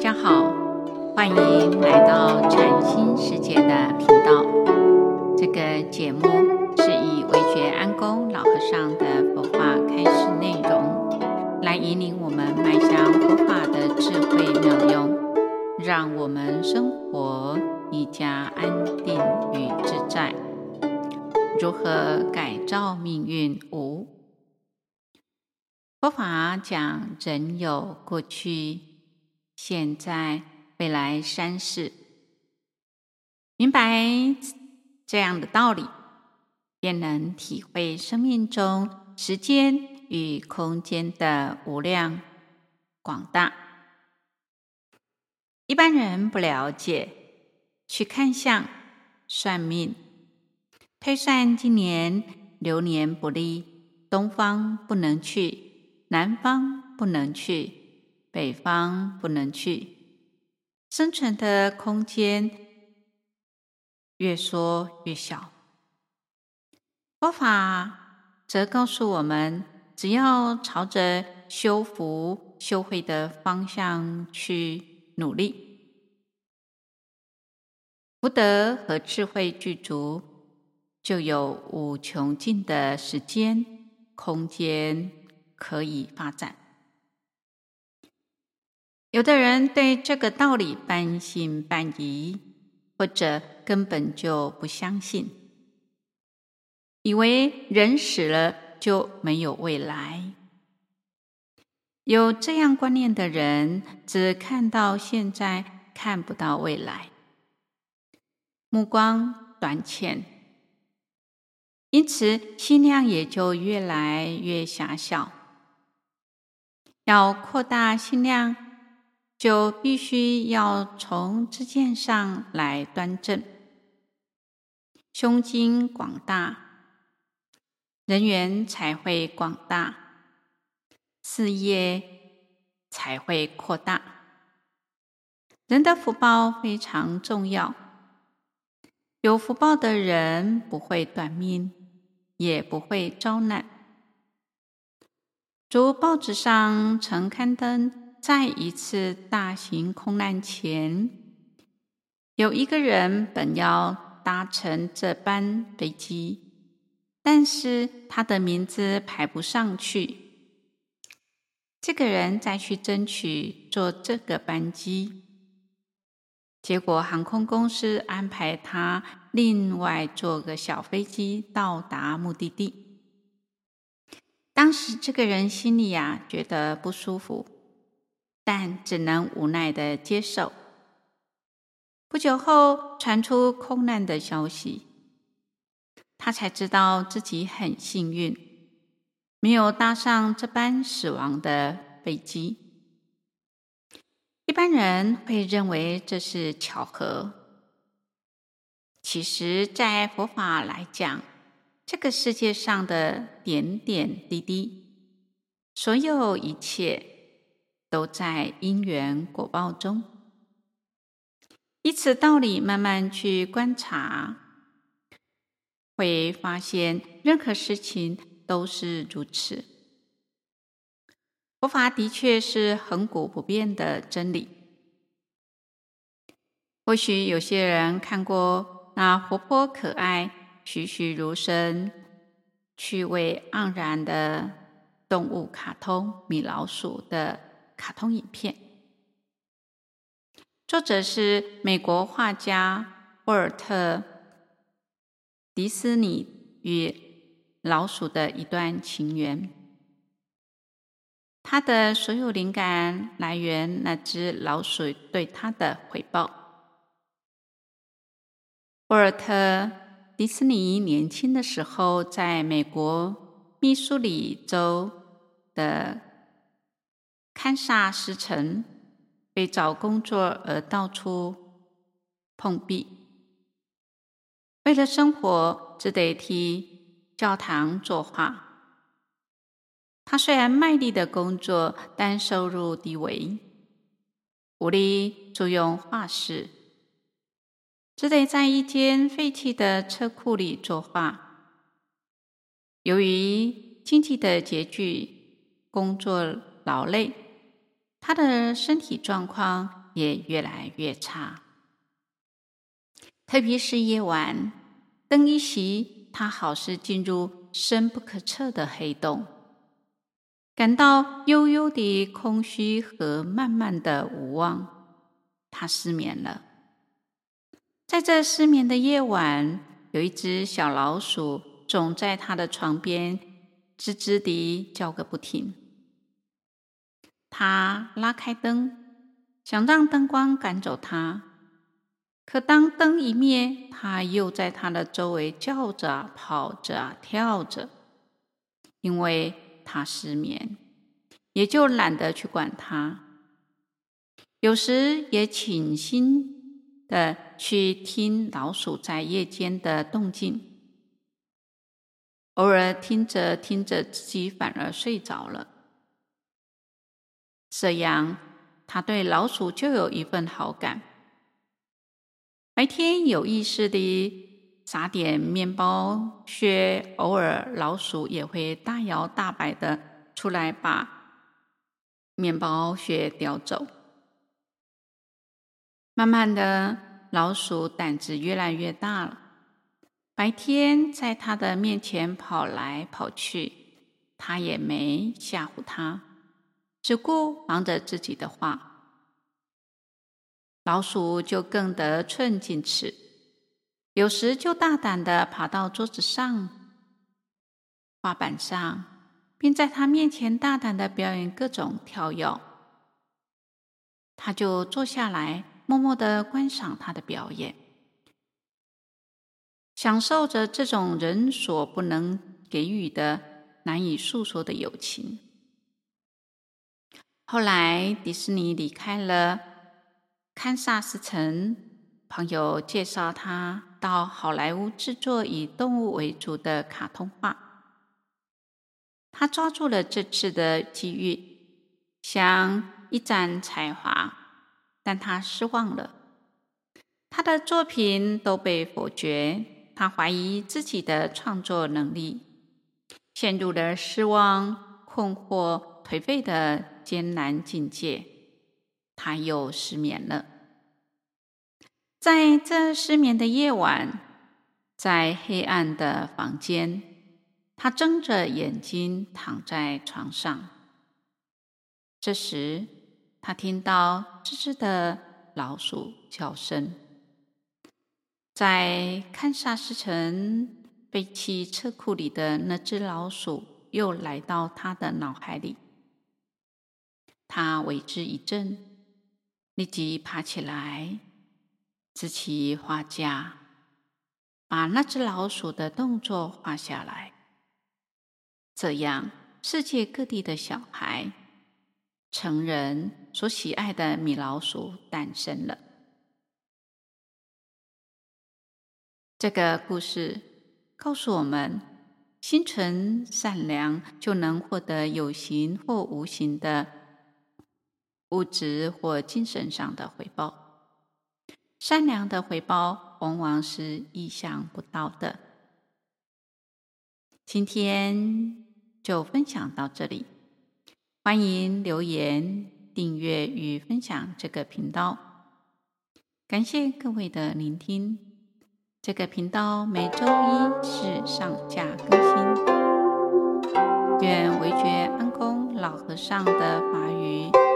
大家好，歡迎來到禪心世界的頻道。這個節目是以惟覺安公老和尚的佛法開示內容，來引領我們邁向佛法的智慧妙用，讓我們生活更加安定與自在。如何改造命運？五、哦、佛法講，人有過去。現在、未來三世，明白這樣的道理，便能體會生命中時間與空間的無量廣大。一般人不了解，去看相、算命、推算今年流年不利，東方不能去，南方不能去。北方不能去，生存的空間越縮越小。佛法則告訴我們，只要朝着修福修慧的方向去努力，福德和智慧具足，就有無窮盡的時間、空間可以發展。有的人對這個道理半信半疑，或者根本就不相信，以為人死了就沒有未來。有這樣觀念的人，只看到現在，看不到未來，目光短淺，因此心量也就越來越狹小。要擴大心量。就必須要從知見上來端正，胸襟廣大，人緣才會廣大，事業才會擴大。人的福報非常重要，有福報的人不會短命，也不會遭難。如報紙上曾刊登。在一次大型空難前，有一個人本要搭乘這班飛機，但是他的名字排不上去。這個人再去爭取坐這個班機，結果航空公司安排他另外坐個小飛機到達目的地。當時這個人心裡呀，啊，覺得不舒服。但只能無奈的接受。不久後傳出空難的消息，他才知道自己很幸運，沒有搭上這班死亡的飛機。一般人會認為這是巧合，其實，在佛法來講，這個世界上的點點滴滴，所有一切。都在因緣果報中，依此道理慢慢去觀察，會發現任何事情都是如此。佛法的確是亙古不變的真理。或許有些人看過那活潑可愛、栩栩如生、趣味盎然的動物卡通米老鼠的。卡通影片，作者是美國畫家沃爾特·迪斯尼與老鼠的一段情緣。他的所有靈感來源那隻老鼠對他的回報。沃爾特·迪斯尼年輕的時候在美國密蘇里州的。堪薩斯城為找工作而到處碰壁，為了生活只得替教堂作畫。他雖然賣力的工作，但收入低微，無力租用畫室，只得在一間廢棄的車庫裡作畫。由於經濟的拮據，工作勞累。他的身體狀況也越來越差，特別是夜晚，燈一熄，他好似進入深不可測的黑洞，感到悠悠的空虛和漫漫的無望。他失眠了。在這失眠的夜晚，有一隻小老鼠總在他的床邊吱吱地叫個不停。他拉開燈，想讓燈光趕走它，可當燈一滅，它又在他的周圍叫着、跑着、跳着，因為他失眠，也就懶得去管它。有時也潛心的去聽老鼠在夜間的動靜，偶爾聽着聽着，自己反而睡着了。這樣，他對老鼠就有一份好感。白天有意識地撒點麵包屑，偶爾老鼠也會大搖大擺的出來把麵包屑叼走。慢慢的老鼠膽子越來越大了，白天在他的面前跑來跑去，他也沒嚇唬他。只顧忙着自己的畫，老鼠就更得寸進尺，有時就大膽的爬到桌子上、畫板上，並在他面前大膽的表演各種跳躍。他就坐下來，默默的觀賞他的表演，享受着這種人所不能給予的、難以訴說的友情。後來，迪士尼離開了堪薩斯城，朋友介紹他到好萊塢製作以動物為主的卡通畫。他抓住了這次的機遇，想一展才華，但他失望了。他的作品都被否決，他懷疑自己的創作能力，陷入了失望、困惑、頹，頹廢的，艱難境界，他又失眠了。在這失眠的夜晚，在黑暗的房間，他睜着眼睛躺在床上。這時，他聽到吱吱的老鼠叫聲。在堪薩斯城廢棄車庫裡的那隻老鼠，又來到他的腦海裡。他為之一振，立即爬起來，支起畫架，把那只老鼠的動作畫下來。這樣，世界各地的小孩、成人所喜愛的米老鼠誕生了。這個故事告訴我們：心存善良，就能獲得有形或無形的。物質或精神上的回報，善良的回報，往往是意想不到的。今天就分享到這裡，歡迎留言、訂閱與分享這個頻道。感謝各位的聆聽。這個頻道每周一是上架更新。願惟覺安公老和尚的法語。